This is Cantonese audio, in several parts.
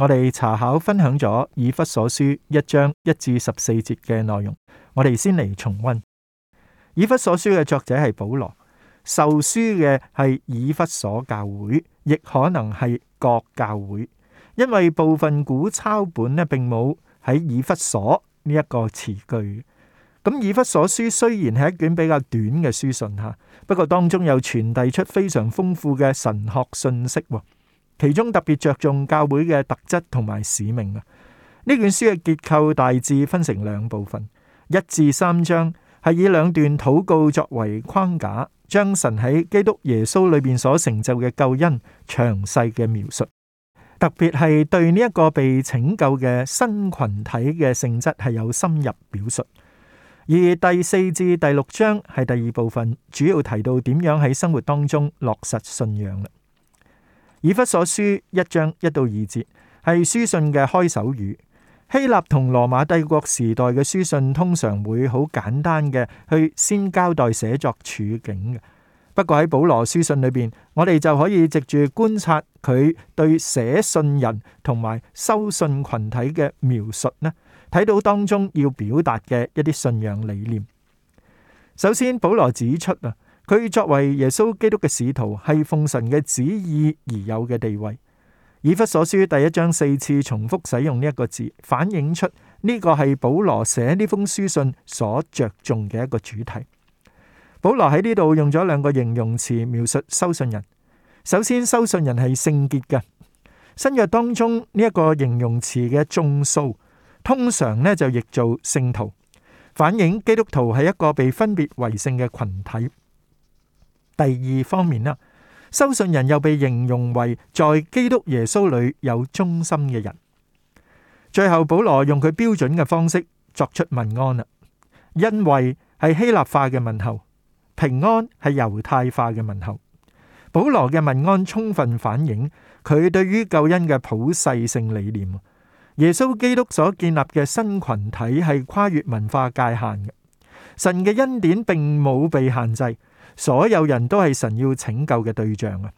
我哋查考分享咗以弗所書一章一至十四節嘅內容，我哋先嚟重溫。以弗所書嘅作者係保羅，受書嘅係以弗所教會，亦可能係各教會，因為部分古抄本呢並冇喺以弗所呢一個詞句。咁以弗所書雖然係一卷比較短嘅書信吓，不過當中又傳遞出非常豐富嘅神學信息。其中特別著重教會嘅特質同埋使命啊！呢卷書嘅結構大致分成兩部分，一至三章係以兩段禱告作為框架，將神喺基督耶穌裏邊所成就嘅救恩詳細嘅描述，特別係對呢一個被拯救嘅新羣體嘅性質係有深入表述。而第四至第六章係第二部分，主要提到點樣喺生活當中落實信仰啦。以弗所書一章一到二節係書信嘅開首語。希臘同羅馬帝國時代嘅書信通常會好簡單嘅去先交代寫作處境嘅。不過喺保羅書信裏邊，我哋就可以藉住觀察佢對寫信人同埋收信羣體嘅描述呢，睇到當中要表達嘅一啲信仰理念。首先，保羅指出啊。佢作為耶穌基督嘅使徒，係奉神嘅旨意而有嘅地位。以弗所書第一章四次重複使用呢一個字，反映出呢個係保羅寫呢封書信所着重嘅一個主題。保羅喺呢度用咗兩個形容詞描述收信人。首先，收信人係聖潔嘅。新約當中呢一個形容詞嘅眾數，通常呢就譯做聖徒，反映基督徒係一個被分別為聖嘅群體。第二方面啦，收信人又被形容為在基督耶穌裏有忠心嘅人。最後，保羅用佢標準嘅方式作出問安啦。因為係希臘化嘅問候，平安係猶太化嘅問候。保羅嘅問安充分反映佢對於救恩嘅普世性理念。耶穌基督所建立嘅新群體係跨越文化界限嘅，神嘅恩典並冇被限制。所有人都係神要拯救嘅對象啊！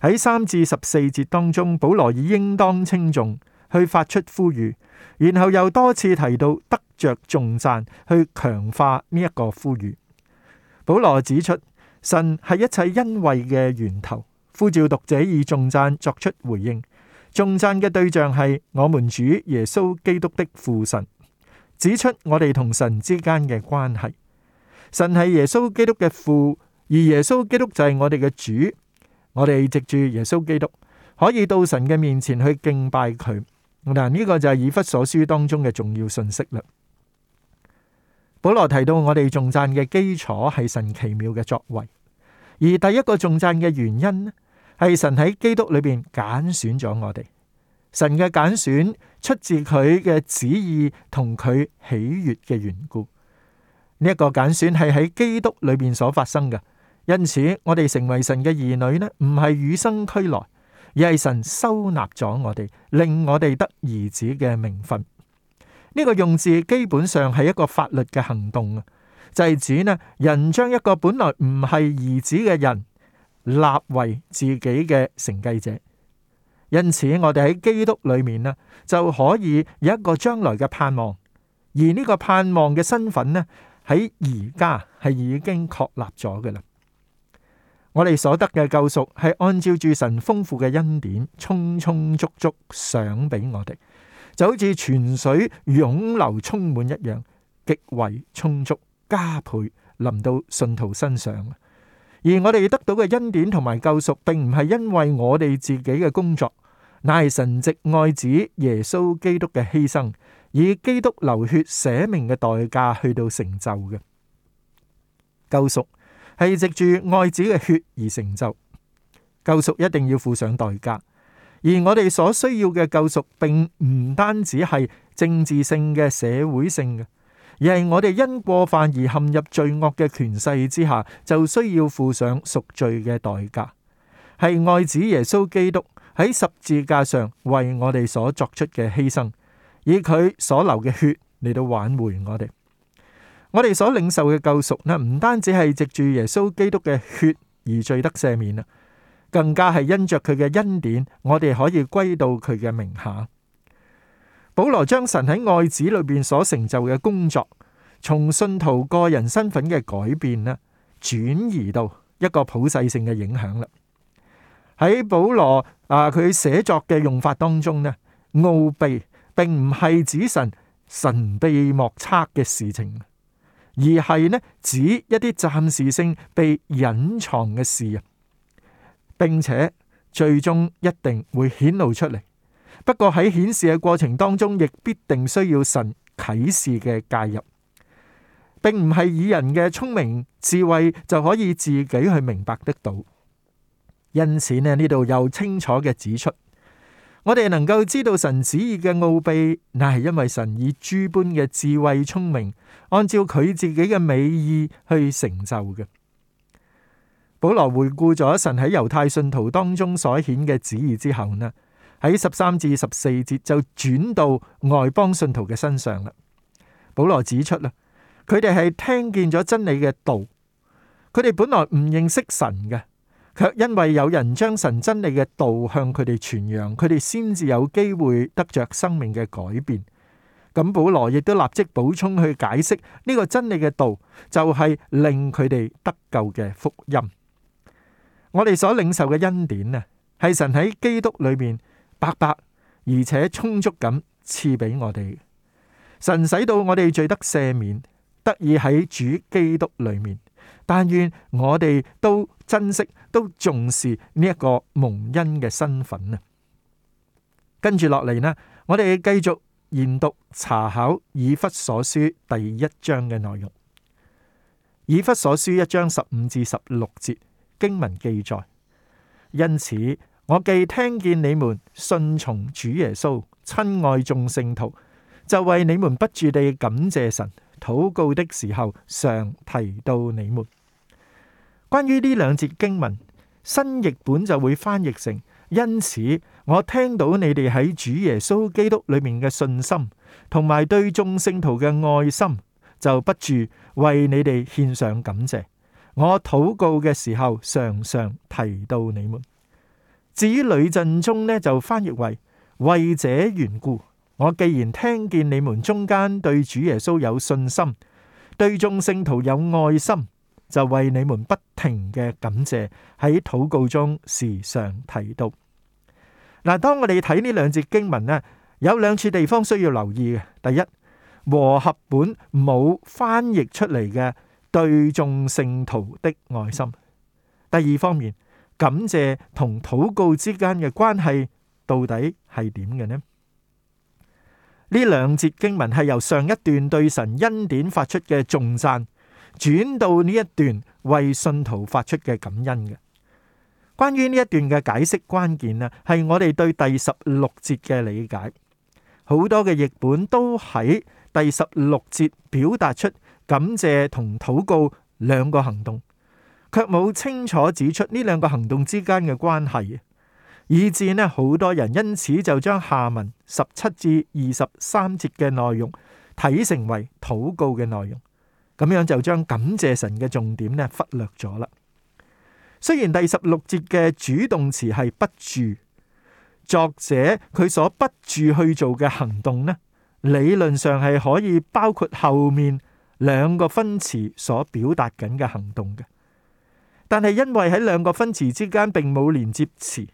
喺三至十四節當中，保羅以應當稱頌去發出呼籲，然後又多次提到得着頌讚去強化呢一個呼籲。保羅指出，神係一切恩惠嘅源頭，呼召讀者以頌讚作出回應。頌讚嘅對象係我們主耶穌基督的父神，指出我哋同神之間嘅關係。神係耶穌基督嘅父，而耶穌基督就係我哋嘅主。我哋藉住耶穌基督，可以到神嘅面前去敬拜佢。嗱，呢個就係、是、以弗所書當中嘅重要信息啦。保羅提到我哋頌讚嘅基礎係神奇妙嘅作為，而第一個頌讚嘅原因呢，係神喺基督裏邊揀選咗我哋。神嘅揀選出自佢嘅旨意同佢喜悅嘅緣故。呢一個揀選係喺基督裏面所發生嘅，因此我哋成為神嘅兒女呢，唔係與生俱來，而係神收納咗我哋，令我哋得兒子嘅名分。呢個用字基本上係一個法律嘅行動啊，就係指呢人將一個本來唔係兒子嘅人立為自己嘅承繼者。因此我哋喺基督裏面呢就可以有一個將來嘅盼望，而呢個盼望嘅身份呢，喺而家係已經確立咗嘅啦。我哋所得嘅救贖係按照住神豐富嘅恩典，充充足足賞俾我哋，就好似泉水湧流充滿一樣，極為充足，加倍臨到信徒身上。而我哋得到嘅恩典同埋救贖，並唔係因為我哋自己嘅工作，乃係神藉愛子耶穌基督嘅犧牲。以基督流血捨命嘅代價去到成就嘅救贖，係藉住愛子嘅血而成就。救贖一定要付上代價，而我哋所需要嘅救贖，並唔單止係政治性嘅、社會性嘅，而係我哋因過犯而陷入罪惡嘅權勢之下，就需要付上贖罪嘅代價，係愛子耶穌基督喺十字架上為我哋所作出嘅犧牲。以佢所流嘅血嚟到挽回我哋，我哋所領受嘅救贖呢，唔單止係藉住耶穌基督嘅血而罪得赦免啦，更加係因著佢嘅恩典，我哋可以歸到佢嘅名下。保羅將神喺愛子裏邊所成就嘅工作，從信徒個人身份嘅改變呢，轉移到一個普世性嘅影響啦。喺保羅啊，佢寫作嘅用法當中呢，奧秘。並唔係指神神秘莫測嘅事情，而係咧指一啲暫時性被隱藏嘅事啊，並且最終一定會顯露出嚟。不過喺顯示嘅過程當中，亦必定需要神啟示嘅介入，並唔係以人嘅聰明智慧就可以自己去明白得到。因此呢度有清楚嘅指出。我哋能夠知道神旨意嘅奧秘，乃係因為神以豬般嘅智慧聰明，按照佢自己嘅美意去成就嘅。保羅回顧咗神喺猶太信徒當中所顯嘅旨意之後呢，喺十三至十四節就轉到外邦信徒嘅身上啦。保羅指出啦，佢哋係聽見咗真理嘅道，佢哋本來唔認識神嘅。卻因為有人將神真理嘅道向佢哋傳揚，佢哋先至有機會得着生命嘅改變。咁保羅亦都立即補充去解釋呢個真理嘅道就係令佢哋得救嘅福音。我哋所領受嘅恩典呢，係神喺基督裏面白白而且充足咁賜俾我哋。神使到我哋罪得赦免，得以喺主基督裏面。但願我哋都珍惜、都重視呢一個蒙恩嘅身份啊！跟住落嚟，呢，我哋繼續研讀查考以弗所書第一章嘅內容。以弗所書一章十五至十六節經文記載：「因此我既聽見你們信從主耶穌、親愛眾聖徒，就為你們不住地感謝神。」禱告的時候，常提到你們。關於呢兩節經文，新譯本就會翻譯成：因此，我聽到你哋喺主耶穌基督裏面嘅信心，同埋對眾聖徒嘅愛心，就不住為你哋獻上感謝。我禱告嘅時候，常常提到你們。至於呂振中呢，就翻譯為為這緣故。我既然聽見你們中間對主耶穌有信心，對眾聖徒有愛心，就為你們不停嘅感謝喺禱告中時常提到。嗱，當我哋睇呢兩節經文咧，有兩處地方需要留意嘅。第一，和合本冇翻譯出嚟嘅對眾聖徒的愛心。第二方面，感謝同禱告之間嘅關係到底係點嘅呢？呢兩節經文係由上一段對神恩典發出嘅頌讚，轉到呢一段為信徒發出嘅感恩嘅。關於呢一段嘅解釋關鍵啊，係我哋對第十六節嘅理解。好多嘅譯本都喺第十六節表達出感謝同禱告兩個行動，卻冇清楚指出呢兩個行動之間嘅關係。以致呢，好多人因此就將下文十七至二十三節嘅內容睇成為禱告嘅內容，咁樣就將感謝神嘅重點呢忽略咗啦。雖然第十六節嘅主動詞係不住，作者佢所不住去做嘅行動呢，理論上係可以包括後面兩個分詞所表達緊嘅行動嘅，但係因為喺兩個分詞之間並冇連接詞。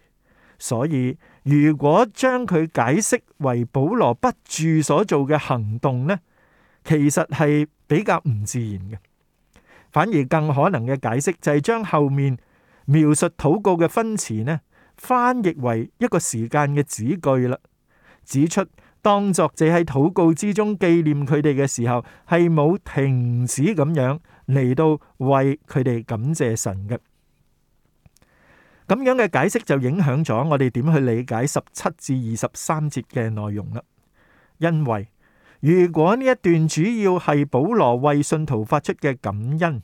所以，如果將佢解釋為保羅不住所做嘅行動呢，其實係比較唔自然嘅。反而更可能嘅解釋就係將後面描述禱告嘅分詞呢，翻譯為一個時間嘅子句啦，指出當作者喺禱告之中紀念佢哋嘅時候，係冇停止咁樣嚟到為佢哋感謝神嘅。咁樣嘅解釋就影響咗我哋點去理解十七至二十三節嘅內容啦。因為如果呢一段主要係保羅為信徒發出嘅感恩，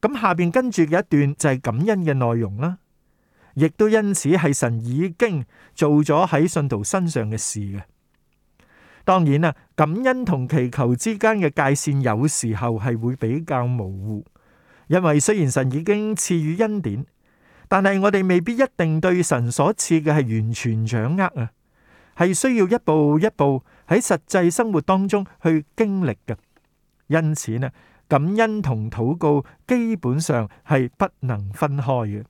咁下邊跟住嘅一段就係感恩嘅內容啦，亦都因此係神已經做咗喺信徒身上嘅事嘅。當然啦，感恩同祈求之間嘅界線有時候係會比較模糊，因為雖然神已經賜予恩典。但係我哋未必一定對神所賜嘅係完全掌握啊，係需要一步一步喺實際生活當中去經歷嘅。因此咧，感恩同禱告基本上係不能分開嘅。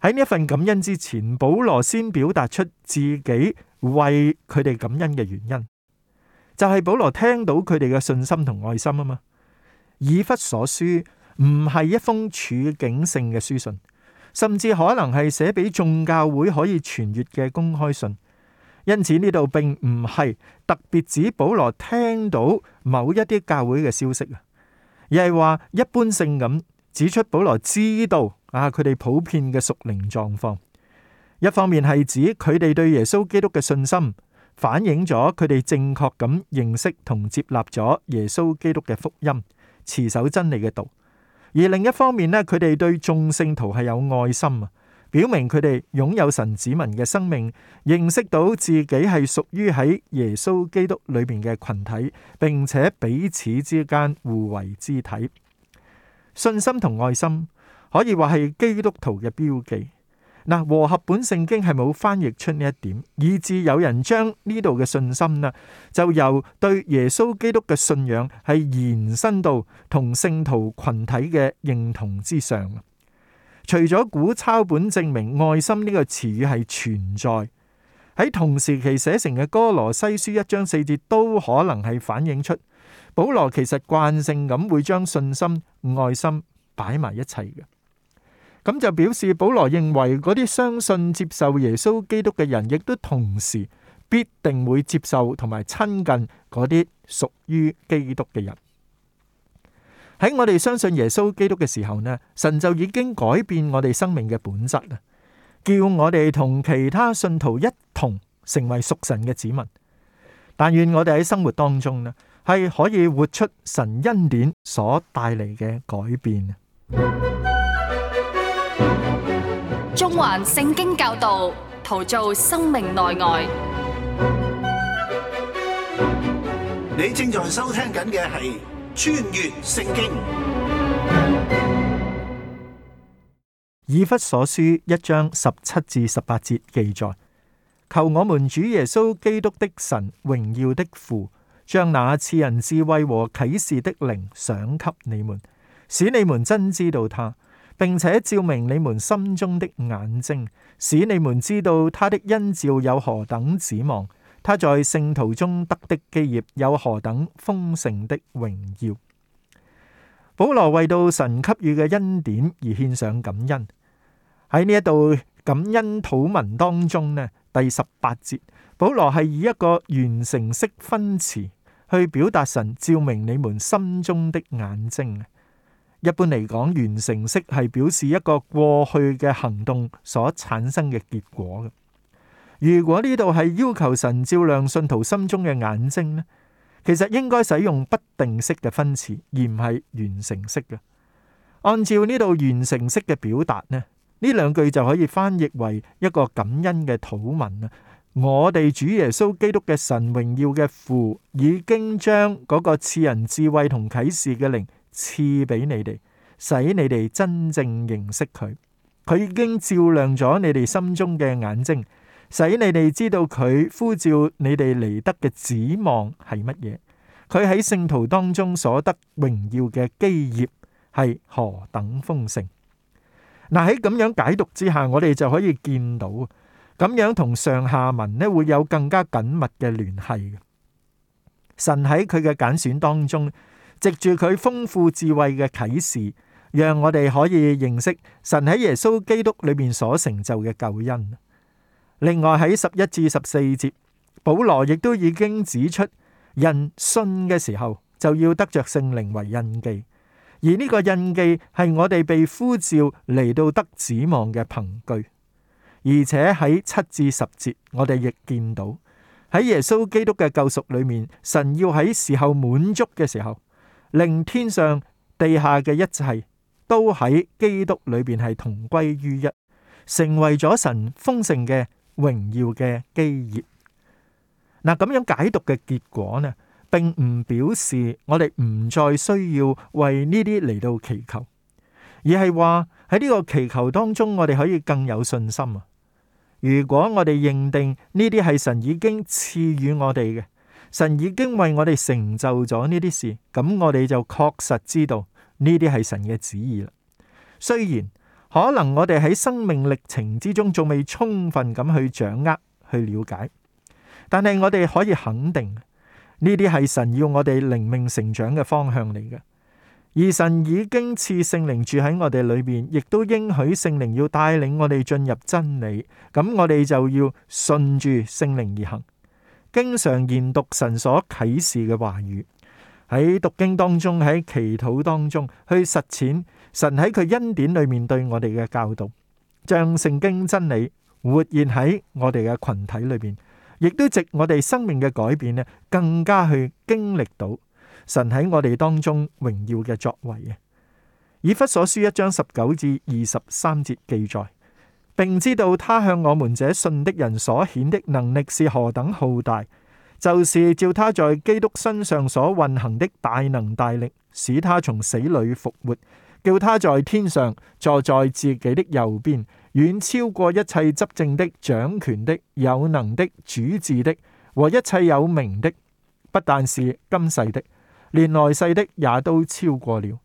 喺呢一份感恩之前，保羅先表達出自己為佢哋感恩嘅原因，就係保羅聽到佢哋嘅信心同愛心啊嘛，以弗所書唔係一封處境性嘅書信，甚至可能係寫俾眾教會可以傳閱嘅公開信。因此呢度並唔係特別指保羅聽到某一啲教會嘅消息啊，而係話一般性咁指出保羅知道啊佢哋普遍嘅屬靈狀況。一方面係指佢哋對耶穌基督嘅信心，反映咗佢哋正確咁認識同接納咗耶穌基督嘅福音，持守真理嘅道。而另一方面呢，佢哋對眾聖徒係有愛心啊，表明佢哋擁有神子民嘅生命，認識到自己係屬於喺耶穌基督裏邊嘅群體，並且彼此之間互為肢體，信心同愛心可以話係基督徒嘅標記。嗱，和合本聖經係冇翻譯出呢一點，以致有人將呢度嘅信心啦，就由對耶穌基督嘅信仰係延伸到同聖徒羣體嘅認同之上。除咗古抄本證明愛心呢個詞語係存在，喺同時期寫成嘅哥羅西書一章四節都可能係反映出，保羅其實慣性咁會將信心、愛心擺埋一齊嘅。咁就表示保羅認為嗰啲相信接受耶穌基督嘅人，亦都同時必定會接受同埋親近嗰啲屬於基督嘅人。喺我哋相信耶穌基督嘅時候呢，神就已經改變我哋生命嘅本質啊！叫我哋同其他信徒一同成為屬神嘅子民。但願我哋喺生活當中呢，係可以活出神恩典所帶嚟嘅改變。中環聖經教導，陶造生命內外。你正在收聽緊嘅係《穿越聖經》。以弗所書一章十七至十八節記載：求我們主耶穌基督的神榮耀的父，將那賜人智慧和啟示的靈賞給你們，使你們真知道他。並且照明你們心中的眼睛，使你們知道他的恩召有何等指望，他在聖徒中得的基業有何等豐盛的榮耀。保羅為到神給予嘅恩典而獻上感恩。喺呢一度感恩禱文當中呢，第十八節，保羅係以一個完成式分詞去表達神照明你們心中的眼睛。一般嚟講，完成式係表示一個過去嘅行動所產生嘅結果嘅。如果呢度係要求神照亮信徒心中嘅眼睛呢，其實應該使用不定式嘅分詞而唔係完成式嘅。按照呢度完成式嘅表達呢，呢兩句就可以翻譯為一個感恩嘅禱文啦。我哋主耶穌基督嘅神榮耀嘅父已經將嗰個賜人智慧同啟示嘅靈。賜俾你哋，使你哋真正認識佢。佢已經照亮咗你哋心中嘅眼睛，使你哋知道佢呼召你哋嚟得嘅指望係乜嘢。佢喺聖徒當中所得榮耀嘅基業係何等豐盛。嗱，喺咁樣解讀之下，我哋就可以見到，咁樣同上下文呢會有更加緊密嘅聯繫。神喺佢嘅揀選當中。藉住佢豐富智慧嘅啟示，讓我哋可以認識神喺耶穌基督裏面所成就嘅救恩。另外喺十一至十四節，保羅亦都已經指出，人信嘅時候就要得着聖靈為印記，而呢個印記係我哋被呼召嚟到得指望嘅憑據。而且喺七至十節，我哋亦見到喺耶穌基督嘅救贖裏面，神要喺時候滿足嘅時候。令天上地下嘅一切都喺基督裏面係同歸於一，成為咗神豐盛嘅榮耀嘅基業。嗱，咁樣解讀嘅結果呢，並唔表示我哋唔再需要為呢啲嚟到祈求，而係話喺呢個祈求當中，我哋可以更有信心啊！如果我哋認定呢啲係神已經賜予我哋嘅。神已經為我哋成就咗呢啲事，咁我哋就確實知道呢啲係神嘅旨意啦。雖然可能我哋喺生命歷程之中仲未充分咁去掌握、去了解，但係我哋可以肯定呢啲係神要我哋靈命成長嘅方向嚟嘅。而神已經賜聖靈住喺我哋裏面，亦都應許聖靈要帶領我哋進入真理，咁我哋就要順住聖靈而行。經常研讀神所啟示嘅話語，喺讀經當中，喺祈禱當中去實踐神喺佢恩典裏面對我哋嘅教導，將聖經真理活現喺我哋嘅群體裏邊，亦都值我哋生命嘅改變呢，更加去經歷到神喺我哋當中榮耀嘅作為啊！以弗所書一章十九至二十三節記載。並知道他向我們這信的人所顯的能力是何等浩大，就是照他在基督身上所運行的大能大力，使他從死裏復活，叫他在天上坐在自己的右邊，遠超過一切執政的、掌權的、有能的、主治的和一切有名的，不但是今世的，連來世的也都超過了。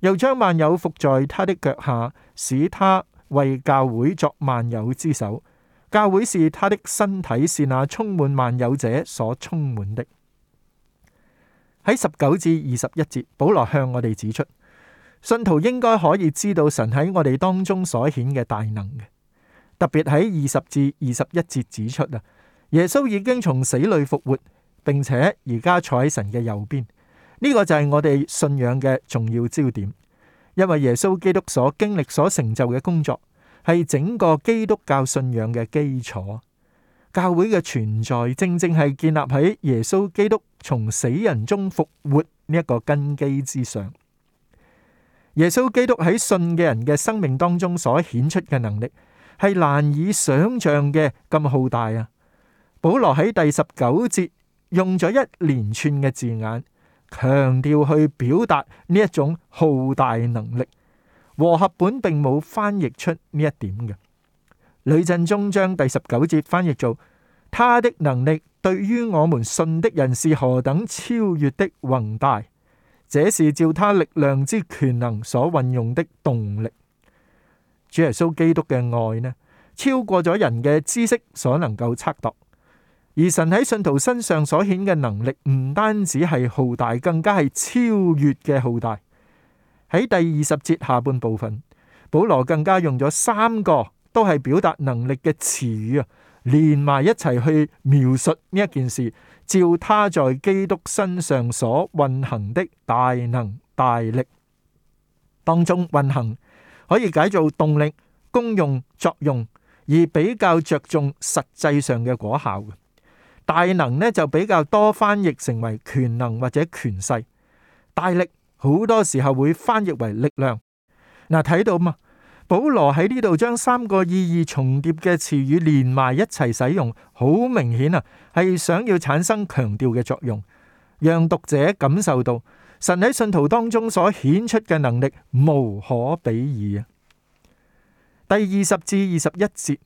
又將萬有伏在他的腳下，使他，為教會作萬有之首，教會是他的身體，是那充滿萬有者所充滿的。喺十九至二十一節，保羅向我哋指出，信徒應該可以知道神喺我哋當中所顯嘅大能嘅。特別喺二十至二十一節指出啊，耶穌已經從死裏復活，並且而家坐喺神嘅右邊。呢、這個就係我哋信仰嘅重要焦點。因為耶穌基督所經歷、所成就嘅工作，係整個基督教信仰嘅基礎。教會嘅存在正正係建立喺耶穌基督從死人中復活呢一個根基之上。耶穌基督喺信嘅人嘅生命當中所顯出嘅能力，係難以想象嘅咁浩大啊！保羅喺第十九節用咗一連串嘅字眼。強調去表達呢一種浩大能力，和合本並冇翻譯出呢一點嘅。呂振中將第十九節翻譯做：他的能力對於我們信的人是何等超越的宏大，這是照他力量之權能所運用的動力。主耶穌基督嘅愛呢，超過咗人嘅知識所能夠測度。而神喺信徒身上所顯嘅能力，唔單止係浩大，更加係超越嘅浩大。喺第二十節下半部分，保羅更加用咗三個都係表達能力嘅詞語啊，連埋一齊去描述呢一件事，照他在基督身上所運行的大能、大力。當中運行，可以解做動力、功用、作用，而比較着重實際上嘅果效嘅。大能呢就比較多翻譯成為權能或者權勢，大力好多時候會翻譯為力量。嗱，睇到嘛，保羅喺呢度將三個意義重疊嘅詞語連埋一齊使用，好明顯啊，係想要產生強調嘅作用，讓讀者感受到神喺信徒當中所顯出嘅能力無可比擬啊。第二十至二十一節。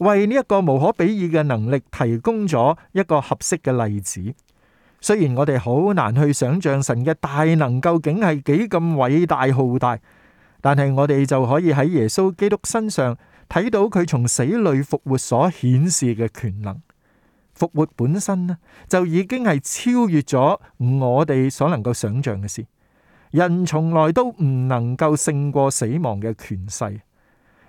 為呢一個無可比擬嘅能力提供咗一個合適嘅例子。雖然我哋好難去想象神嘅大能究竟係幾咁偉大、浩大，但係我哋就可以喺耶穌基督身上睇到佢從死裏復活所顯示嘅權能。復活本身呢就已經係超越咗我哋所能夠想象嘅事。人從來都唔能夠勝過死亡嘅權勢。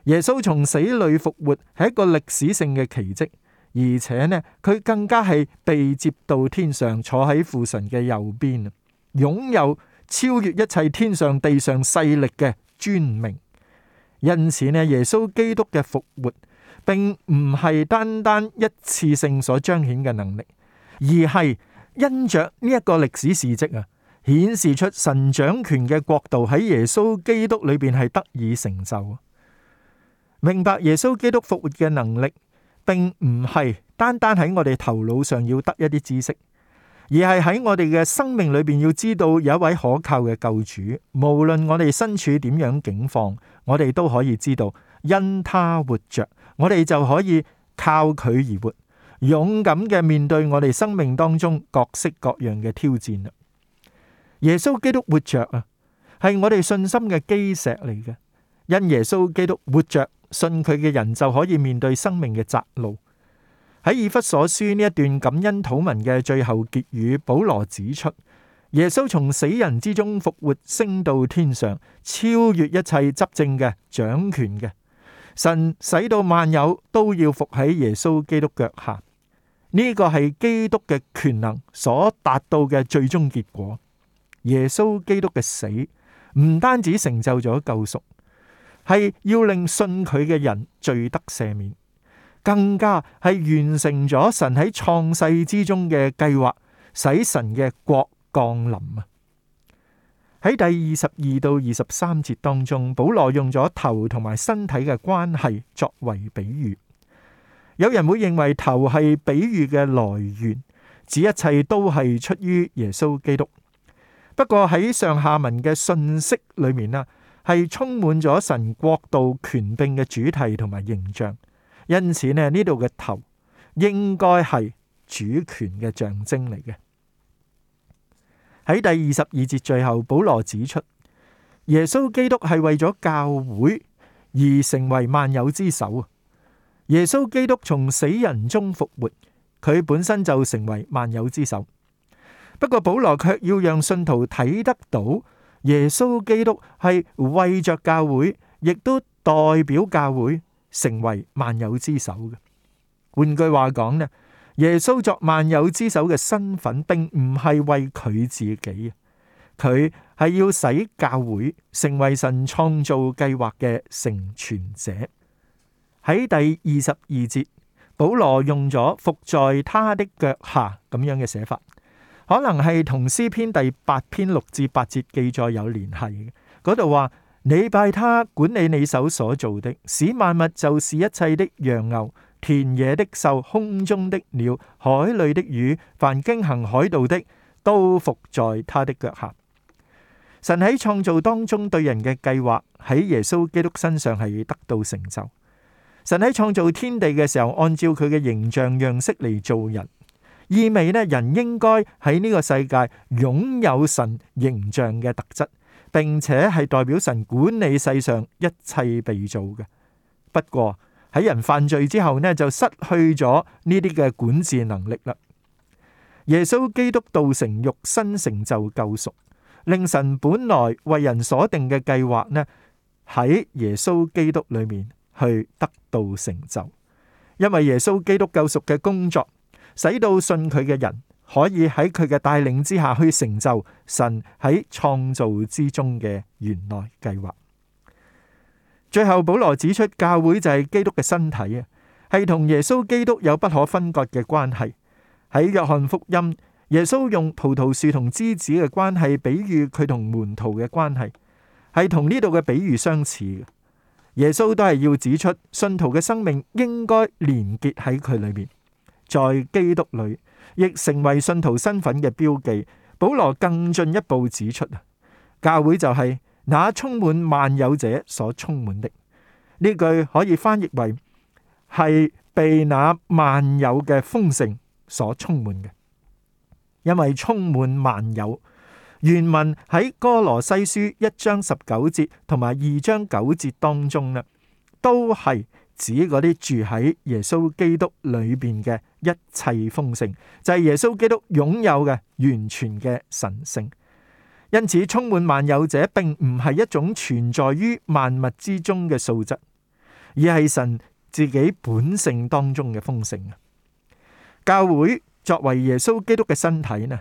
耶穌從死裏復活係一個歷史性嘅奇蹟，而且呢，佢更加係被接到天上坐喺父神嘅右邊啊，擁有超越一切天上地上勢力嘅尊名。因此呢，耶穌基督嘅復活並唔係單單一次性所彰顯嘅能力，而係因着呢一個歷史事蹟啊，顯示出神掌權嘅國度喺耶穌基督裏邊係得以成就。明白耶穌基督復活嘅能力，並唔係單單喺我哋頭腦上要得一啲知識，而係喺我哋嘅生命裏邊要知道有一位可靠嘅救主。無論我哋身處點樣境況，我哋都可以知道，因他活着，我哋就可以靠佢而活，勇敢嘅面對我哋生命當中各式各樣嘅挑戰啦。耶穌基督活着啊，係我哋信心嘅基石嚟嘅。因耶穌基督活着。信佢嘅人就可以面對生命嘅窄路。喺以弗所書呢一段感恩禱文嘅最後結語，保羅指出耶穌從死人之中復活，升到天上，超越一切執政嘅、掌權嘅。神使到萬有都要伏喺耶穌基督腳下。呢、這個係基督嘅權能所達到嘅最終結果。耶穌基督嘅死唔單止成就咗救贖。係要令信佢嘅人罪得赦免，更加係完成咗神喺創世之中嘅計劃，使神嘅國降臨啊！喺第二十二到二十三節當中，保羅用咗頭同埋身體嘅關係作為比喻。有人會認為頭係比喻嘅來源，指一切都係出於耶穌基督。不過喺上下文嘅信息裏面啊。係充滿咗神國度權柄嘅主題同埋形象，因此呢呢度嘅頭應該係主權嘅象徵嚟嘅。喺第二十二節最後，保羅指出，耶穌基督係為咗教會而成為萬有之首啊！耶穌基督從死人中復活，佢本身就成為萬有之首。不過，保羅卻要讓信徒睇得到。耶穌基督係為着教會，亦都代表教會成為萬有之首嘅。換句話講呢，耶穌作萬有之首嘅身份，並唔係為佢自己，佢係要使教會成為神創造計劃嘅成全者。喺第二十二節，保羅用咗「伏在他的腳下」咁樣嘅寫法。可能係同《詩篇》第八篇六至八節記載有聯繫。嗰度話：你拜他，管理你手所做的，使萬物就是一切的羊牛、田野的獸、空中的鳥、海裡的魚，凡經行海道的，都伏在他的腳下。神喺創造當中對人嘅計劃喺耶穌基督身上係得到成就。神喺創造天地嘅時候，按照佢嘅形象樣式嚟做人。意味咧，人應該喺呢個世界擁有神形象嘅特質，並且係代表神管理世上一切被造嘅。不過喺人犯罪之後呢，就失去咗呢啲嘅管治能力啦。耶穌基督道成肉身，成就救贖，令神本來為人所定嘅計劃呢，喺耶穌基督裏面去得到成就，因為耶穌基督救贖嘅工作。使到信佢嘅人可以喺佢嘅帶領之下去成就神喺創造之中嘅原來計劃。最後保羅指出，教會就係基督嘅身體啊，係同耶穌基督有不可分割嘅關係。喺約翰福音，耶穌用葡萄樹同枝子嘅關係比喻佢同門徒嘅關係，係同呢度嘅比喻相似嘅。耶穌都係要指出，信徒嘅生命應該連結喺佢裏邊。在基督裏，亦成為信徒身份嘅標記。保羅更進一步指出，教會就係、是、那充滿萬有者所充滿的。呢句可以翻譯為係被那萬有嘅豐盛所充滿嘅，因為充滿萬有。原文喺哥羅西書一章十九節同埋二章九節當中啦，都係。指嗰啲住喺耶穌基督裏邊嘅一切豐盛，就係耶穌基督擁有嘅完全嘅神聖。因此，充滿萬有者並唔係一種存在於萬物之中嘅素質，而係神自己本性當中嘅豐盛啊！教會作為耶穌基督嘅身體呢，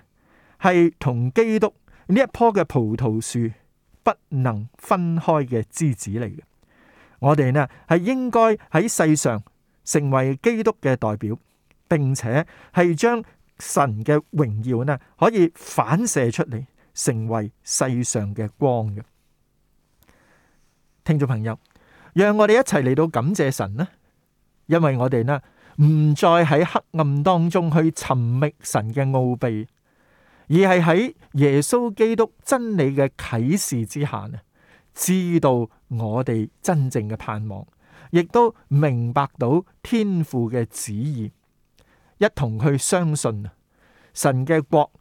係同基督呢一棵嘅葡萄樹不能分開嘅枝子嚟嘅。我哋呢係應該喺世上成為基督嘅代表，並且係將神嘅榮耀呢可以反射出嚟，成為世上嘅光嘅。聽眾朋友，讓我哋一齊嚟到感謝神啦！因為我哋呢唔再喺黑暗當中去尋覓神嘅奧秘，而係喺耶穌基督真理嘅啟示之下呢。知道我哋真正嘅盼望，亦都明白到天父嘅旨意，一同去相信神嘅國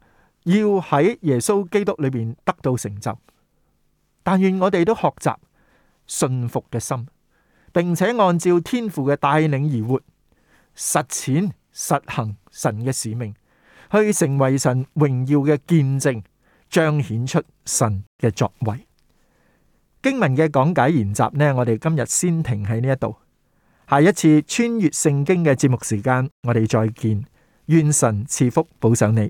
要喺耶穌基督裏邊得到成就。但願我哋都學習信服嘅心，並且按照天父嘅帶領而活，實踐實行神嘅使命，去成為神榮耀嘅見證，彰顯出神嘅作為。經文嘅講解研習呢，我哋今日先停喺呢一度。下一次穿越聖經嘅節目時間，我哋再見。願神賜福保賞你。